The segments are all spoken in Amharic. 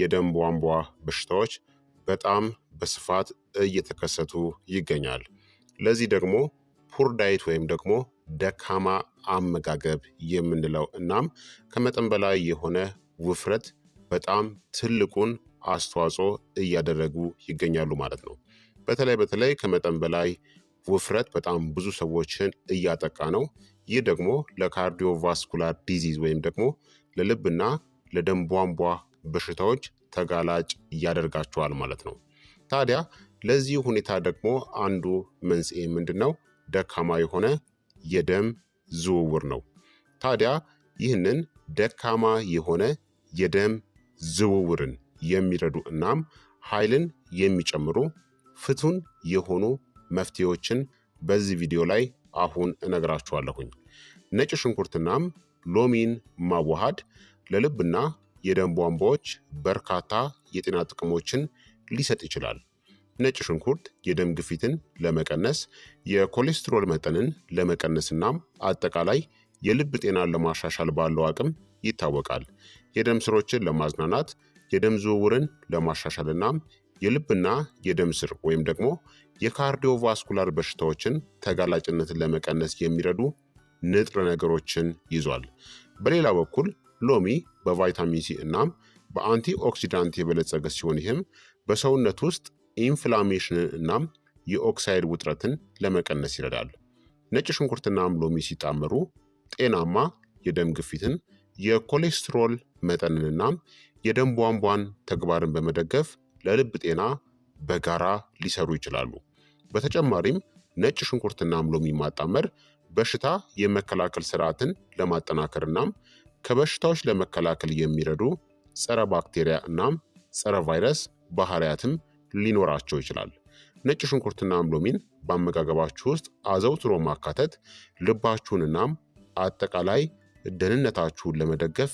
የደም ቧንቧ በሽታዎች በጣም በስፋት እየተከሰቱ ይገኛል። ለዚህ ደግሞ ፑር ዳይት ወይም ደግሞ ደካማ አመጋገብ የምንለው እናም ከመጠን በላይ የሆነ ውፍረት በጣም ትልቁን አስተዋጽኦ እያደረጉ ይገኛሉ ማለት ነው። በተለይ በተለይ ከመጠን በላይ ውፍረት በጣም ብዙ ሰዎችን እያጠቃ ነው። ይህ ደግሞ ለካርዲዮቫስኩላር ዲዚዝ ወይም ደግሞ ለልብና ለደም ቧንቧ በሽታዎች ተጋላጭ ያደርጋቸዋል ማለት ነው። ታዲያ ለዚህ ሁኔታ ደግሞ አንዱ መንስኤ ምንድን ነው? ደካማ የሆነ የደም ዝውውር ነው። ታዲያ ይህንን ደካማ የሆነ የደም ዝውውርን የሚረዱ እናም ኃይልን የሚጨምሩ ፍቱን የሆኑ መፍትሄዎችን በዚህ ቪዲዮ ላይ አሁን እነግራችኋለሁኝ። ነጭ ሽንኩርትናም ሎሚን ማዋሃድ ለልብና የደም ቧንቧዎች በርካታ የጤና ጥቅሞችን ሊሰጥ ይችላል። ነጭ ሽንኩርት የደም ግፊትን ለመቀነስ፣ የኮሌስትሮል መጠንን ለመቀነስ እናም አጠቃላይ የልብ ጤናን ለማሻሻል ባለው አቅም ይታወቃል። የደም ስሮችን ለማዝናናት፣ የደም ዝውውርን ለማሻሻል እናም የልብና የደም ስር ወይም ደግሞ የካርዲዮቫስኩላር በሽታዎችን ተጋላጭነትን ለመቀነስ የሚረዱ ንጥረ ነገሮችን ይዟል። በሌላ በኩል ሎሚ በቫይታሚን ሲ እናም በአንቲ ኦክሲዳንት የበለጸገ ሲሆን ይህም በሰውነት ውስጥ ኢንፍላሜሽንን እናም የኦክሳይድ ውጥረትን ለመቀነስ ይረዳል። ነጭ ሽንኩርትናም ሎሚ ሲጣመሩ ጤናማ የደም ግፊትን፣ የኮሌስትሮል መጠንን እናም የደም ቧንቧን ተግባርን በመደገፍ ለልብ ጤና በጋራ ሊሰሩ ይችላሉ። በተጨማሪም ነጭ ሽንኩርትናም ሎሚ ማጣመር በሽታ የመከላከል ስርዓትን ለማጠናከር እናም ከበሽታዎች ለመከላከል የሚረዱ ጸረ ባክቴሪያ እናም ጸረ ቫይረስ ባህሪያትም ሊኖራቸው ይችላል። ነጭ ሽንኩርትና አምሎሚን በአመጋገባችሁ ውስጥ አዘውትሮ ማካተት ልባችሁን እናም አጠቃላይ ደህንነታችሁን ለመደገፍ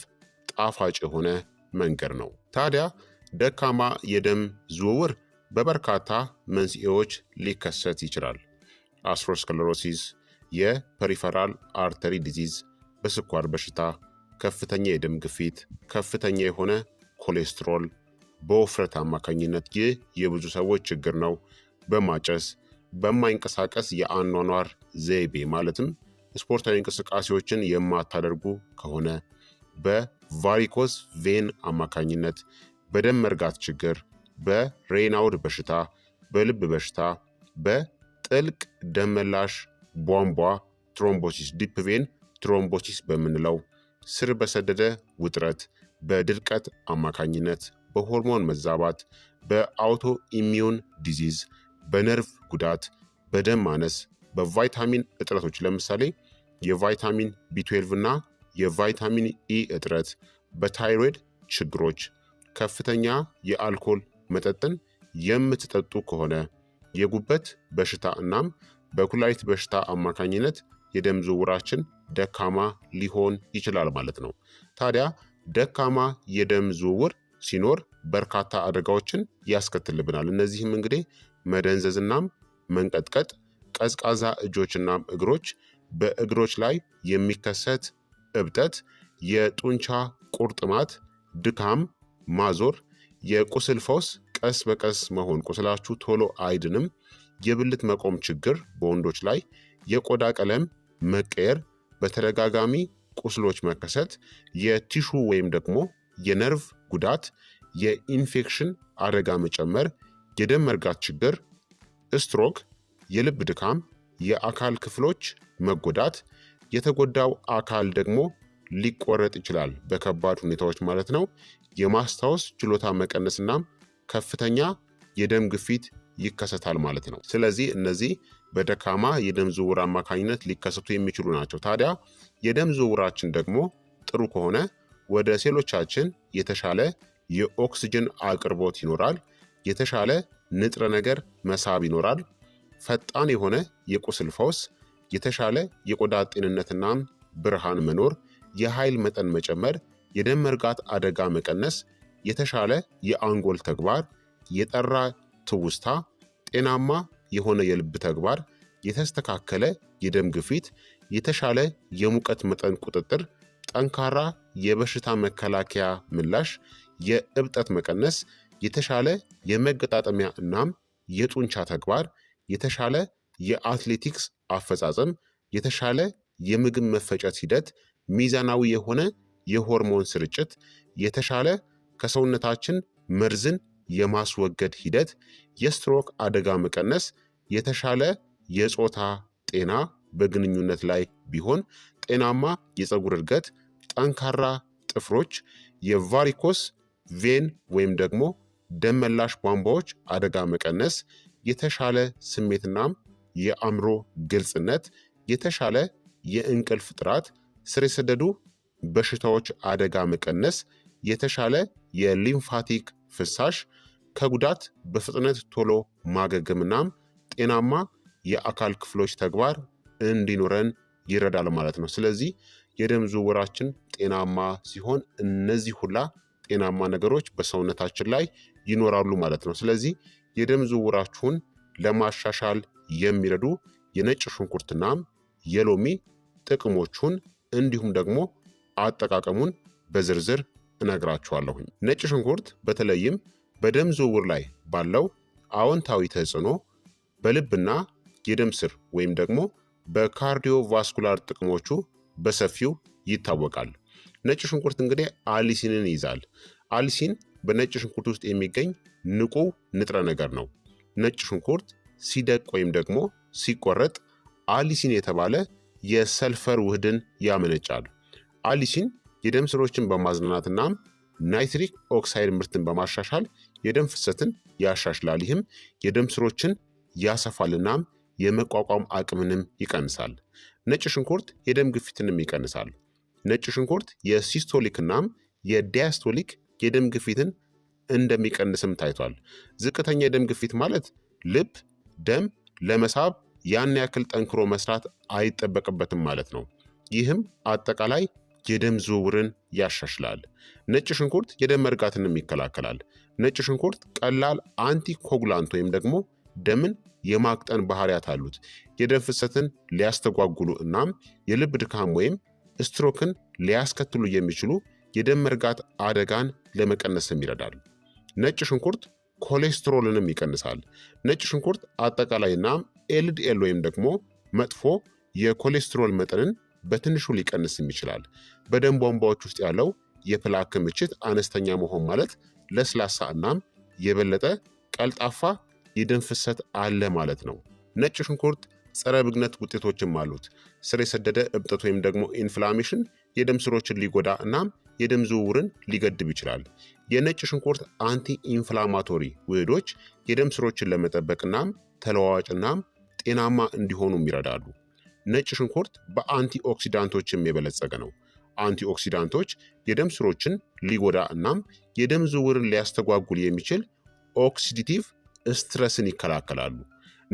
ጣፋጭ የሆነ መንገድ ነው። ታዲያ ደካማ የደም ዝውውር በበርካታ መንስኤዎች ሊከሰት ይችላል። አተሮስክለሮሲስ፣ የፐሪፈራል አርተሪ ዲዚዝ፣ በስኳር በሽታ ከፍተኛ የደም ግፊት፣ ከፍተኛ የሆነ ኮሌስትሮል፣ በውፍረት አማካኝነት ይህ የብዙ ሰዎች ችግር ነው። በማጨስ በማይንቀሳቀስ የአኗኗር ዘይቤ ማለትም ስፖርታዊ እንቅስቃሴዎችን የማታደርጉ ከሆነ በቫሪኮስ ቬን አማካኝነት፣ በደም መርጋት ችግር፣ በሬናውድ በሽታ፣ በልብ በሽታ፣ በጥልቅ ደመላሽ ቧንቧ ትሮምቦሲስ ዲፕ ቬን ትሮምቦሲስ በምንለው ስር በሰደደ ውጥረት፣ በድርቀት አማካኝነት፣ በሆርሞን መዛባት፣ በአውቶ ኢሚዩን ዲዚዝ፣ በነርቭ ጉዳት፣ በደም ማነስ፣ በቫይታሚን እጥረቶች ለምሳሌ የቫይታሚን ቢ12 እና የቫይታሚን ኢ እጥረት፣ በታይሮይድ ችግሮች፣ ከፍተኛ የአልኮል መጠጥን የምትጠጡ ከሆነ የጉበት በሽታ እናም በኩላሊት በሽታ አማካኝነት የደም ዝውውራችን ደካማ ሊሆን ይችላል ማለት ነው። ታዲያ ደካማ የደም ዝውውር ሲኖር በርካታ አደጋዎችን ያስከትልብናል። እነዚህም እንግዲህ መደንዘዝናም መንቀጥቀጥ፣ ቀዝቃዛ እጆችናም እግሮች፣ በእግሮች ላይ የሚከሰት እብጠት፣ የጡንቻ ቁርጥማት፣ ድካም፣ ማዞር፣ የቁስል ፈውስ ቀስ በቀስ መሆን፣ ቁስላችሁ ቶሎ አይድንም፣ የብልት መቆም ችግር በወንዶች ላይ የቆዳ ቀለም መቀየር፣ በተደጋጋሚ ቁስሎች መከሰት፣ የቲሹ ወይም ደግሞ የነርቭ ጉዳት፣ የኢንፌክሽን አደጋ መጨመር፣ የደም መርጋት ችግር፣ ስትሮክ፣ የልብ ድካም፣ የአካል ክፍሎች መጎዳት፣ የተጎዳው አካል ደግሞ ሊቆረጥ ይችላል በከባድ ሁኔታዎች ማለት ነው። የማስታወስ ችሎታ መቀነስናም ከፍተኛ የደም ግፊት ይከሰታል ማለት ነው። ስለዚህ እነዚህ በደካማ የደም ዝውውር አማካኝነት ሊከሰቱ የሚችሉ ናቸው። ታዲያ የደም ዝውውራችን ደግሞ ጥሩ ከሆነ ወደ ሴሎቻችን የተሻለ የኦክስጅን አቅርቦት ይኖራል፣ የተሻለ ንጥረ ነገር መሳብ ይኖራል፣ ፈጣን የሆነ የቁስል ፈውስ፣ የተሻለ የቆዳ ጤንነትና ብርሃን መኖር፣ የኃይል መጠን መጨመር፣ የደም መርጋት አደጋ መቀነስ፣ የተሻለ የአንጎል ተግባር፣ የጠራ ትውስታ፣ ጤናማ የሆነ የልብ ተግባር፣ የተስተካከለ የደም ግፊት፣ የተሻለ የሙቀት መጠን ቁጥጥር፣ ጠንካራ የበሽታ መከላከያ ምላሽ፣ የእብጠት መቀነስ፣ የተሻለ የመገጣጠሚያ እናም የጡንቻ ተግባር፣ የተሻለ የአትሌቲክስ አፈጻጸም፣ የተሻለ የምግብ መፈጨት ሂደት፣ ሚዛናዊ የሆነ የሆርሞን ስርጭት፣ የተሻለ ከሰውነታችን መርዝን የማስወገድ ሂደት፣ የስትሮክ አደጋ መቀነስ፣ የተሻለ የጾታ ጤና በግንኙነት ላይ ቢሆን፣ ጤናማ የፀጉር እድገት፣ ጠንካራ ጥፍሮች፣ የቫሪኮስ ቬን ወይም ደግሞ ደመላሽ ቧንቧዎች አደጋ መቀነስ፣ የተሻለ ስሜትናም የአእምሮ ግልጽነት፣ የተሻለ የእንቅልፍ ጥራት፣ ስር የሰደዱ በሽታዎች አደጋ መቀነስ፣ የተሻለ የሊምፋቲክ ፍሳሽ ከጉዳት በፍጥነት ቶሎ ማገገምናም ጤናማ የአካል ክፍሎች ተግባር እንዲኖረን ይረዳል ማለት ነው። ስለዚህ የደም ዝውውራችን ጤናማ ሲሆን እነዚህ ሁላ ጤናማ ነገሮች በሰውነታችን ላይ ይኖራሉ ማለት ነው። ስለዚህ የደም ዝውውራችሁን ለማሻሻል የሚረዱ የነጭ ሽንኩርትናም የሎሚ ጥቅሞቹን እንዲሁም ደግሞ አጠቃቀሙን በዝርዝር እነግራችኋለሁኝ። ነጭ ሽንኩርት በተለይም በደም ዝውውር ላይ ባለው አዎንታዊ ተጽዕኖ በልብና የደም ስር ወይም ደግሞ በካርዲዮቫስኩላር ጥቅሞቹ በሰፊው ይታወቃል። ነጭ ሽንኩርት እንግዲህ አሊሲንን ይይዛል። አሊሲን በነጭ ሽንኩርት ውስጥ የሚገኝ ንቁ ንጥረ ነገር ነው። ነጭ ሽንኩርት ሲደቅ ወይም ደግሞ ሲቆረጥ አሊሲን የተባለ የሰልፈር ውህድን ያመነጫል። አሊሲን የደም ስሮችን በማዝናናትናም ናይትሪክ ኦክሳይድ ምርትን በማሻሻል የደም ፍሰትን ያሻሽላል። ይህም የደም ስሮችን ያሰፋልናም የመቋቋም አቅምንም ይቀንሳል። ነጭ ሽንኩርት የደም ግፊትንም ይቀንሳል። ነጭ ሽንኩርት የሲስቶሊክናም የዲያስቶሊክ የደም ግፊትን እንደሚቀንስም ታይቷል። ዝቅተኛ የደም ግፊት ማለት ልብ ደም ለመሳብ ያን ያክል ጠንክሮ መስራት አይጠበቅበትም ማለት ነው። ይህም አጠቃላይ የደም ዝውውርን ያሻሽላል። ነጭ ሽንኩርት የደም መርጋትንም ይከላከላል። ነጭ ሽንኩርት ቀላል አንቲኮጉላንት ወይም ደግሞ ደምን የማቅጠን ባህሪያት አሉት። የደም ፍሰትን ሊያስተጓጉሉ እናም የልብ ድካም ወይም ስትሮክን ሊያስከትሉ የሚችሉ የደም መርጋት አደጋን ለመቀነስም ይረዳል። ነጭ ሽንኩርት ኮሌስትሮልንም ይቀንሳል። ነጭ ሽንኩርት አጠቃላይ እናም ኤልዲኤል ወይም ደግሞ መጥፎ የኮሌስትሮል መጠንን በትንሹ ሊቀንስም ይችላል። በደም ቧንቧዎች ውስጥ ያለው የፕላክ ክምችት አነስተኛ መሆን ማለት ለስላሳ እናም የበለጠ ቀልጣፋ የደም ፍሰት አለ ማለት ነው። ነጭ ሽንኩርት ጸረ ብግነት ውጤቶችም አሉት። ስር የሰደደ እብጠት ወይም ደግሞ ኢንፍላሜሽን የደም ስሮችን ሊጎዳ እናም የደም ዝውውርን ሊገድብ ይችላል። የነጭ ሽንኩርት አንቲ ኢንፍላማቶሪ ውህዶች የደም ስሮችን ለመጠበቅ እናም ተለዋዋጭ እናም ጤናማ እንዲሆኑም ይረዳሉ። ነጭ ሽንኩርት በአንቲኦክሲዳንቶችም የበለጸገ ነው። አንቲኦክሲዳንቶች የደም ስሮችን ሊጎዳ እናም የደም ዝውውርን ሊያስተጓጉል የሚችል ኦክሲዲቲቭ ስትረስን ይከላከላሉ።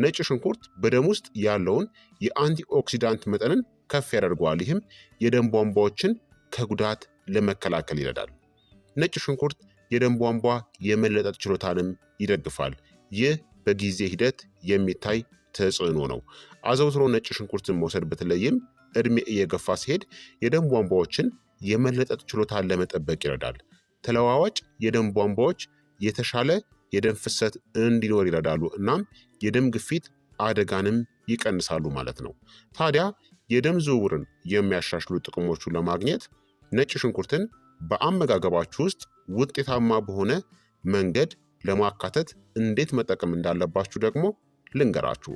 ነጭ ሽንኩርት በደም ውስጥ ያለውን የአንቲኦክሲዳንት መጠንን ከፍ ያደርገዋል። ይህም የደም ቧንቧዎችን ከጉዳት ለመከላከል ይረዳል። ነጭ ሽንኩርት የደም ቧንቧ የመለጠጥ ችሎታንም ይደግፋል። ይህ በጊዜ ሂደት የሚታይ ተጽዕኖ ነው። አዘውትሮ ነጭ ሽንኩርትን መውሰድ በተለይም እድሜ እየገፋ ሲሄድ የደም ቧንቧዎችን የመለጠጥ ችሎታን ለመጠበቅ ይረዳል። ተለዋዋጭ የደም ቧንቧዎች የተሻለ የደም ፍሰት እንዲኖር ይረዳሉ፣ እናም የደም ግፊት አደጋንም ይቀንሳሉ ማለት ነው። ታዲያ የደም ዝውውርን የሚያሻሽሉ ጥቅሞቹ ለማግኘት ነጭ ሽንኩርትን በአመጋገባችሁ ውስጥ ውጤታማ በሆነ መንገድ ለማካተት እንዴት መጠቀም እንዳለባችሁ ደግሞ ልንገራችሁ።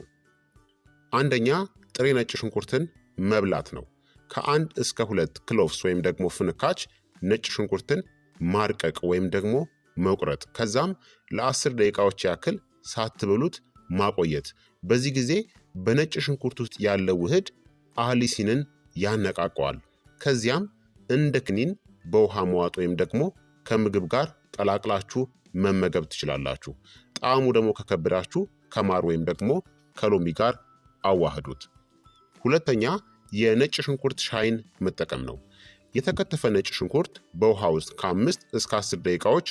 አንደኛ ጥሬ ነጭ ሽንኩርትን መብላት ነው። ከአንድ እስከ ሁለት ክሎቭስ ወይም ደግሞ ፍንካች ነጭ ሽንኩርትን ማርቀቅ ወይም ደግሞ መቁረጥ፣ ከዛም ለአስር ደቂቃዎች ያክል ሳትበሉት ማቆየት። በዚህ ጊዜ በነጭ ሽንኩርት ውስጥ ያለው ውህድ አሊሲንን ያነቃቀዋል። ከዚያም እንደ ክኒን በውሃ መዋጥ ወይም ደግሞ ከምግብ ጋር ቀላቅላችሁ መመገብ ትችላላችሁ። ጣዕሙ ደግሞ ከከበዳችሁ ከማር ወይም ደግሞ ከሎሚ ጋር አዋህዱት። ሁለተኛ የነጭ ሽንኩርት ሻይን መጠቀም ነው። የተከተፈ ነጭ ሽንኩርት በውሃ ውስጥ ከአምስት እስከ አስር ደቂቃዎች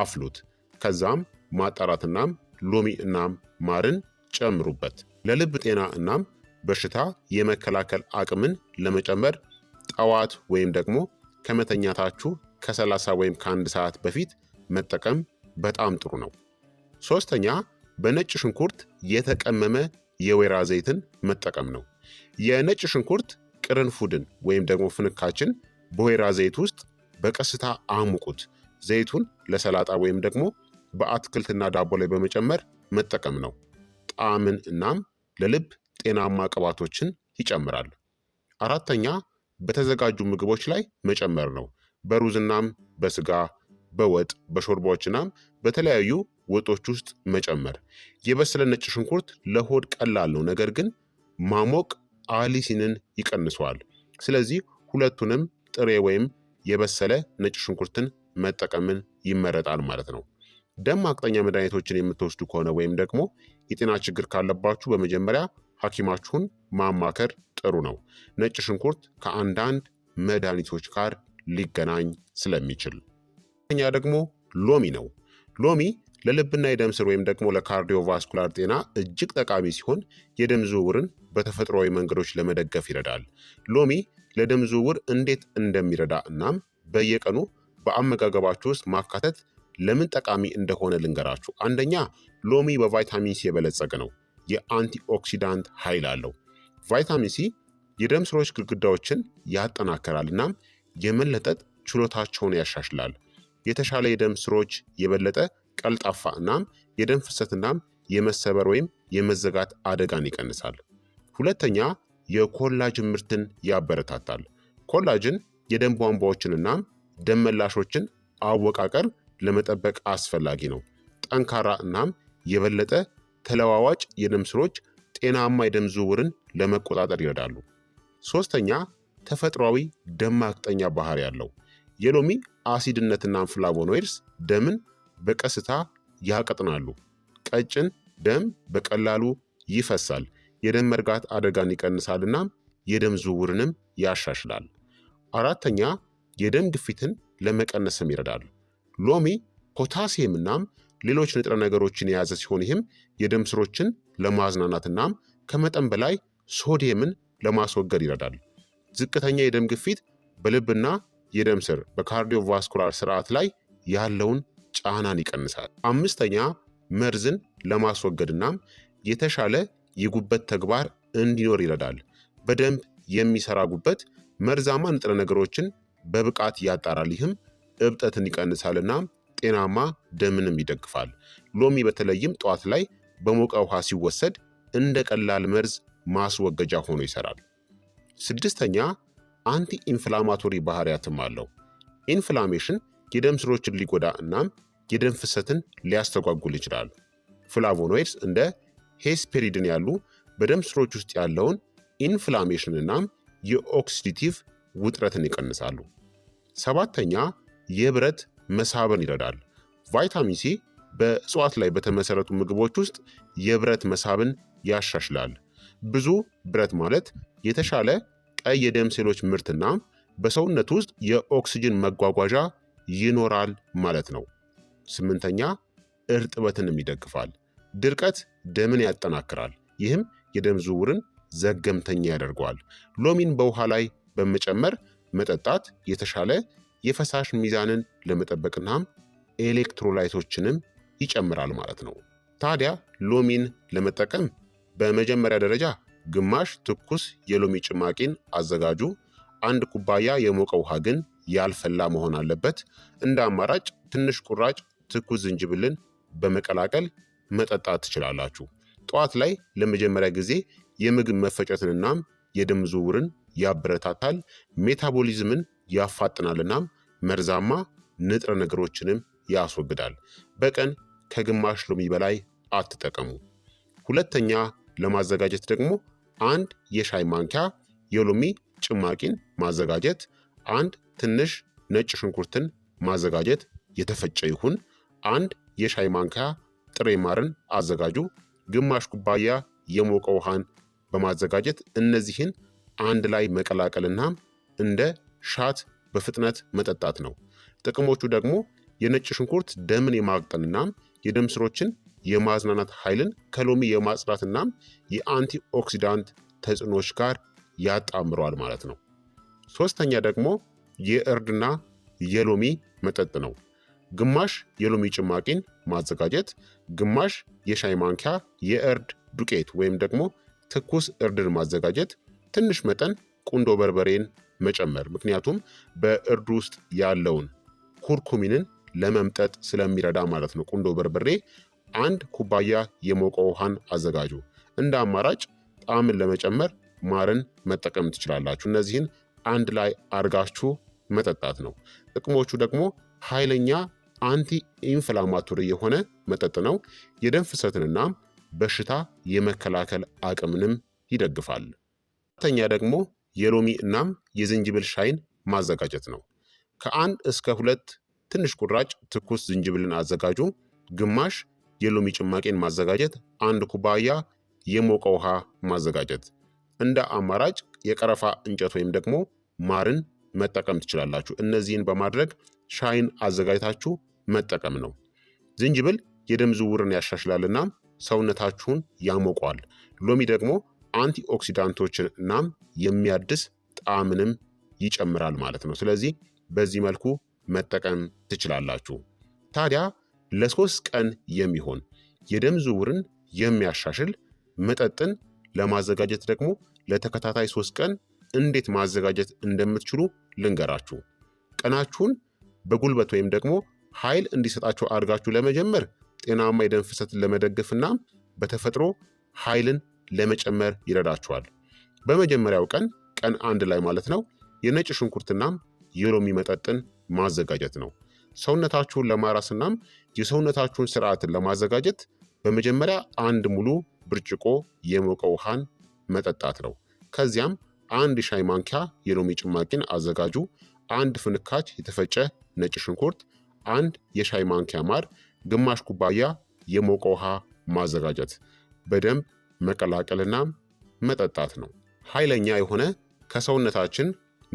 አፍሉት። ከዛም ማጣራት እናም ሎሚ እናም ማርን ጨምሩበት። ለልብ ጤና እናም በሽታ የመከላከል አቅምን ለመጨመር ጠዋት ወይም ደግሞ ከመተኛታችሁ ከ30 ወይም ከአንድ ሰዓት በፊት መጠቀም በጣም ጥሩ ነው። ሶስተኛ በነጭ ሽንኩርት የተቀመመ የወይራ ዘይትን መጠቀም ነው። የነጭ ሽንኩርት ቅርንፉድን ወይም ደግሞ ፍንካችን በወይራ ዘይት ውስጥ በቀስታ አሙቁት። ዘይቱን ለሰላጣ ወይም ደግሞ በአትክልትና ዳቦ ላይ በመጨመር መጠቀም ነው። ጣዕምን እናም ለልብ ጤናማ ቅባቶችን ይጨምራል። አራተኛ በተዘጋጁ ምግቦች ላይ መጨመር ነው። በሩዝናም በስጋ በወጥ በሾርባዎችናም በተለያዩ ወጦች ውስጥ መጨመር። የበሰለ ነጭ ሽንኩርት ለሆድ ቀላል ነው፣ ነገር ግን ማሞቅ አሊሲንን ይቀንሰዋል። ስለዚህ ሁለቱንም ጥሬ ወይም የበሰለ ነጭ ሽንኩርትን መጠቀምን ይመረጣል ማለት ነው። ደም አቅጠኛ መድኃኒቶችን የምትወስዱ ከሆነ ወይም ደግሞ የጤና ችግር ካለባችሁ በመጀመሪያ ሐኪማችሁን ማማከር ጥሩ ነው። ነጭ ሽንኩርት ከአንዳንድ መድኃኒቶች ጋር ሊገናኝ ስለሚችል። ኛ ደግሞ ሎሚ ነው። ሎሚ ለልብና የደም ስር ወይም ደግሞ ለካርዲዮቫስኩላር ጤና እጅግ ጠቃሚ ሲሆን የደም ዝውውርን በተፈጥሯዊ መንገዶች ለመደገፍ ይረዳል። ሎሚ ለደም ዝውውር እንዴት እንደሚረዳ እናም በየቀኑ በአመጋገባችሁ ውስጥ ማካተት ለምን ጠቃሚ እንደሆነ ልንገራችሁ። አንደኛ ሎሚ በቫይታሚን ሲ የበለጸገ ነው። የአንቲኦክሲዳንት ኃይል አለው። ቫይታሚን ሲ የደም ስሮች ግድግዳዎችን ያጠናከራል እናም የመለጠጥ ችሎታቸውን ያሻሽላል። የተሻለ የደም ስሮች የበለጠ ቀልጣፋ እናም የደም ፍሰት እናም የመሰበር ወይም የመዘጋት አደጋን ይቀንሳል። ሁለተኛ የኮላጅን ምርትን ያበረታታል። ኮላጅን የደም ቧንቧዎችን እናም ደም መላሾችን አወቃቀር ለመጠበቅ አስፈላጊ ነው። ጠንካራ እናም የበለጠ ተለዋዋጭ የደም ስሮች ጤናማ የደም ዝውውርን ለመቆጣጠር ይረዳሉ። ሶስተኛ ተፈጥሯዊ ደም ማቅጠኛ ባህሪ ያለው የሎሚ አሲድነትና ፍላቮኖይድስ ደምን በቀስታ ያቀጥናሉ። ቀጭን ደም በቀላሉ ይፈሳል። የደም መርጋት አደጋን ይቀንሳል እናም የደም ዝውውርንም ያሻሽላል። አራተኛ የደም ግፊትን ለመቀነስም ይረዳል። ሎሚ ፖታሲየም እናም ሌሎች ንጥረ ነገሮችን የያዘ ሲሆን ይህም የደም ስሮችን ለማዝናናት እናም ከመጠን በላይ ሶዲየምን ለማስወገድ ይረዳል። ዝቅተኛ የደም ግፊት በልብና የደም ስር በካርዲዮቫስኩላር ስርዓት ላይ ያለውን ጫናን ይቀንሳል። አምስተኛ መርዝን ለማስወገድናም የተሻለ የጉበት ተግባር እንዲኖር ይረዳል። በደንብ የሚሰራ ጉበት መርዛማ ንጥረ ነገሮችን በብቃት ያጣራል። ይህም እብጠትን ይቀንሳልና ጤናማ ደምንም ይደግፋል። ሎሚ በተለይም ጠዋት ላይ በሞቀ ውሃ ሲወሰድ እንደ ቀላል መርዝ ማስወገጃ ሆኖ ይሰራል። ስድስተኛ አንቲ ኢንፍላማቶሪ ባህሪያትም አለው። ኢንፍላሜሽን የደም ስሮችን ሊጎዳ እናም የደም ፍሰትን ሊያስተጓጉል ይችላል። ፍላቮኖይድስ እንደ ሄስፔሪድን ያሉ በደም ስሮች ውስጥ ያለውን ኢንፍላሜሽን እናም የኦክሲዲቲቭ ውጥረትን ይቀንሳሉ። ሰባተኛ የብረት መሳብን ይረዳል። ቫይታሚን ሲ በእጽዋት ላይ በተመሰረቱ ምግቦች ውስጥ የብረት መሳብን ያሻሽላል። ብዙ ብረት ማለት የተሻለ ቀይ የደም ሴሎች ምርትና በሰውነት ውስጥ የኦክስጅን መጓጓዣ ይኖራል ማለት ነው። ስምንተኛ እርጥበትንም ይደግፋል። ድርቀት ደምን ያጠናክራል። ይህም የደም ዝውውርን ዘገምተኛ ያደርገዋል። ሎሚን በውሃ ላይ በመጨመር መጠጣት የተሻለ የፈሳሽ ሚዛንን ለመጠበቅናም ኤሌክትሮላይቶችንም ይጨምራል ማለት ነው። ታዲያ ሎሚን ለመጠቀም በመጀመሪያ ደረጃ ግማሽ ትኩስ የሎሚ ጭማቂን አዘጋጁ። አንድ ኩባያ የሞቀ ውሃ ግን ያልፈላ መሆን አለበት። እንደ አማራጭ ትንሽ ቁራጭ ትኩስ ዝንጅብልን በመቀላቀል መጠጣት ትችላላችሁ። ጠዋት ላይ ለመጀመሪያ ጊዜ የምግብ መፈጨትን እናም የደም ዝውውርን ያበረታታል፣ ሜታቦሊዝምን ያፋጥናል እናም መርዛማ ንጥረ ነገሮችንም ያስወግዳል። በቀን ከግማሽ ሎሚ በላይ አትጠቀሙ። ሁለተኛ ለማዘጋጀት ደግሞ አንድ የሻይ ማንኪያ የሎሚ ጭማቂን ማዘጋጀት፣ አንድ ትንሽ ነጭ ሽንኩርትን ማዘጋጀት የተፈጨ ይሁን አንድ የሻይ ማንኪያ ጥሬ ማርን አዘጋጁ። ግማሽ ኩባያ የሞቀ ውሃን በማዘጋጀት እነዚህን አንድ ላይ መቀላቀልና እንደ ሻት በፍጥነት መጠጣት ነው። ጥቅሞቹ ደግሞ የነጭ ሽንኩርት ደምን የማቅጠልናም የደም ስሮችን የማዝናናት ኃይልን ከሎሚ የማጽዳትናም የአንቲ ኦክሲዳንት ተጽዕኖዎች ጋር ያጣምረዋል ማለት ነው። ሶስተኛ ደግሞ የእርድና የሎሚ መጠጥ ነው። ግማሽ የሎሚ ጭማቂን ማዘጋጀት፣ ግማሽ የሻይ ማንኪያ የእርድ ዱቄት ወይም ደግሞ ትኩስ እርድን ማዘጋጀት፣ ትንሽ መጠን ቁንዶ በርበሬን መጨመር ምክንያቱም በእርድ ውስጥ ያለውን ኩርኩሚንን ለመምጠጥ ስለሚረዳ ማለት ነው። ቁንዶ በርበሬ አንድ ኩባያ የሞቀ ውሃን አዘጋጁ። እንደ አማራጭ ጣዕምን ለመጨመር ማርን መጠቀም ትችላላችሁ። እነዚህን አንድ ላይ አርጋችሁ መጠጣት ነው። ጥቅሞቹ ደግሞ ኃይለኛ አንቲ ኢንፍላማቶሪ የሆነ መጠጥ ነው። የደም ፍሰትንና በሽታ የመከላከል አቅምንም ይደግፋል። ሁለተኛ ደግሞ የሎሚ እናም የዝንጅብል ሻይን ማዘጋጀት ነው። ከአንድ እስከ ሁለት ትንሽ ቁራጭ ትኩስ ዝንጅብልን አዘጋጁ። ግማሽ የሎሚ ጭማቂን ማዘጋጀት፣ አንድ ኩባያ የሞቀ ውሃ ማዘጋጀት። እንደ አማራጭ የቀረፋ እንጨት ወይም ደግሞ ማርን መጠቀም ትችላላችሁ። እነዚህን በማድረግ ሻይን አዘጋጅታችሁ መጠቀም ነው። ዝንጅብል የደም ዝውውርን እናም ሰውነታችሁን ያሞቋል። ሎሚ ደግሞ አንቲ ኦክሲዳንቶችን እናም የሚያድስ ጣዕምንም ይጨምራል ማለት ነው። ስለዚህ በዚህ መልኩ መጠቀም ትችላላችሁ። ታዲያ ለሶስት ቀን የሚሆን የደም ዝውውርን የሚያሻሽል መጠጥን ለማዘጋጀት ደግሞ ለተከታታይ ሶስት ቀን እንዴት ማዘጋጀት እንደምትችሉ ልንገራችሁ። ቀናችሁን በጉልበት ወይም ደግሞ ኃይል እንዲሰጣቸው አድርጋችሁ ለመጀመር ጤናማ የደም ፍሰትን ለመደገፍና በተፈጥሮ ኃይልን ለመጨመር ይረዳችኋል። በመጀመሪያው ቀን ቀን አንድ ላይ ማለት ነው የነጭ ሽንኩርትናም የሎሚ መጠጥን ማዘጋጀት ነው። ሰውነታችሁን ለማራስናም የሰውነታችሁን ስርዓትን ለማዘጋጀት በመጀመሪያ አንድ ሙሉ ብርጭቆ የሞቀ ውሃን መጠጣት ነው። ከዚያም አንድ ሻይ ማንኪያ የሎሚ ጭማቂን አዘጋጁ። አንድ ፍንካች የተፈጨ ነጭ ሽንኩርት፣ አንድ የሻይ ማንኪያ ማር፣ ግማሽ ኩባያ የሞቀ ውሃ ማዘጋጀት በደንብ መቀላቀልና መጠጣት ነው። ኃይለኛ የሆነ ከሰውነታችን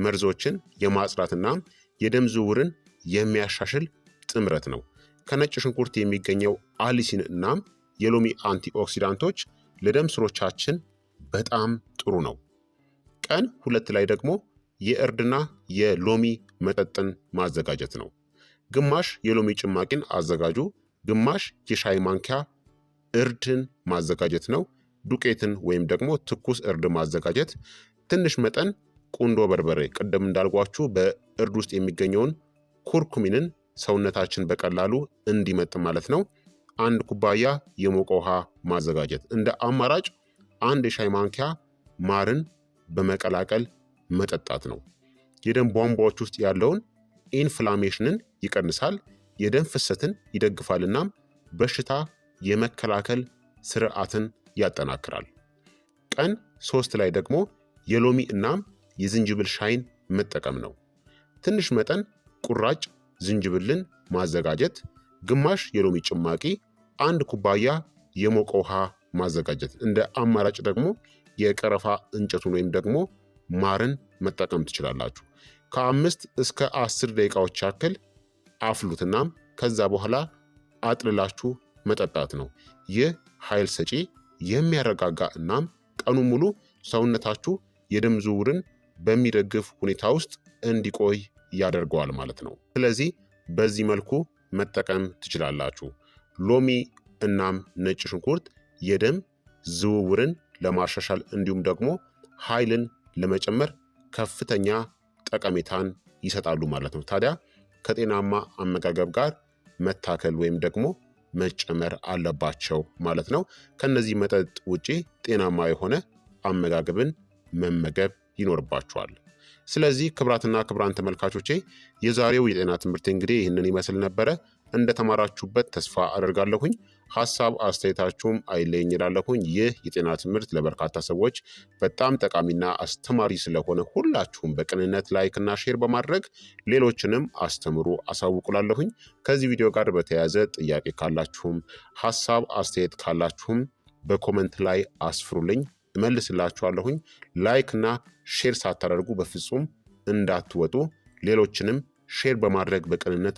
መርዞችን የማጽዳትና የደም ዝውውርን የሚያሻሽል ጥምረት ነው። ከነጭ ሽንኩርት የሚገኘው አሊሲን እናም የሎሚ አንቲኦክሲዳንቶች ለደም ስሮቻችን በጣም ጥሩ ነው። ቀን ሁለት ላይ ደግሞ የእርድና የሎሚ መጠጥን ማዘጋጀት ነው። ግማሽ የሎሚ ጭማቂን አዘጋጁ። ግማሽ የሻይ ማንኪያ እርድን ማዘጋጀት ነው። ዱቄትን ወይም ደግሞ ትኩስ እርድ ማዘጋጀት፣ ትንሽ መጠን ቁንዶ በርበሬ፣ ቅድም እንዳልጓችሁ በእርድ ውስጥ የሚገኘውን ኩርኩሚንን ሰውነታችን በቀላሉ እንዲመጥ ማለት ነው። አንድ ኩባያ የሞቀ ውሃ ማዘጋጀት። እንደ አማራጭ አንድ የሻይ ማንኪያ ማርን በመቀላቀል መጠጣት ነው። የደም ቧንቧዎች ውስጥ ያለውን ኢንፍላሜሽንን ይቀንሳል፣ የደም ፍሰትን ይደግፋል፣ እናም በሽታ የመከላከል ስርዓትን ያጠናክራል። ቀን ሶስት ላይ ደግሞ የሎሚ እናም የዝንጅብል ሻይን መጠቀም ነው። ትንሽ መጠን ቁራጭ ዝንጅብልን ማዘጋጀት፣ ግማሽ የሎሚ ጭማቂ፣ አንድ ኩባያ የሞቀ ውሃ ማዘጋጀት። እንደ አማራጭ ደግሞ የቀረፋ እንጨቱን ወይም ደግሞ ማርን መጠቀም ትችላላችሁ። ከአምስት እስከ አስር ደቂቃዎች ያክል አፍሉትናም ከዛ በኋላ አጥልላችሁ መጠጣት ነው። ይህ ኃይል ሰጪ የሚያረጋጋ እናም ቀኑ ሙሉ ሰውነታችሁ የደም ዝውውርን በሚደግፍ ሁኔታ ውስጥ እንዲቆይ ያደርገዋል ማለት ነው። ስለዚህ በዚህ መልኩ መጠቀም ትችላላችሁ። ሎሚ እናም ነጭ ሽንኩርት የደም ዝውውርን ለማሻሻል እንዲሁም ደግሞ ኃይልን ለመጨመር ከፍተኛ ጠቀሜታን ይሰጣሉ ማለት ነው። ታዲያ ከጤናማ አመጋገብ ጋር መታከል ወይም ደግሞ መጨመር አለባቸው ማለት ነው። ከነዚህ መጠጥ ውጪ ጤናማ የሆነ አመጋገብን መመገብ ይኖርባቸዋል። ስለዚህ ክብራትና ክብራን ተመልካቾቼ የዛሬው የጤና ትምህርት እንግዲህ ይህንን ይመስል ነበረ። እንደተማራችሁበት ተስፋ አደርጋለሁኝ። ሀሳብ አስተያየታችሁም አይለኝ ይላለሁኝ። ይህ የጤና ትምህርት ለበርካታ ሰዎች በጣም ጠቃሚና አስተማሪ ስለሆነ ሁላችሁም በቅንነት ላይክና ሼር በማድረግ ሌሎችንም አስተምሩ አሳውቁላለሁኝ። ከዚህ ቪዲዮ ጋር በተያያዘ ጥያቄ ካላችሁም ሀሳብ አስተያየት ካላችሁም በኮመንት ላይ አስፍሩልኝ፣ እመልስላችኋለሁኝ። ላይክና ሼር ሳታደርጉ በፍጹም እንዳትወጡ። ሌሎችንም ሼር በማድረግ በቅንነት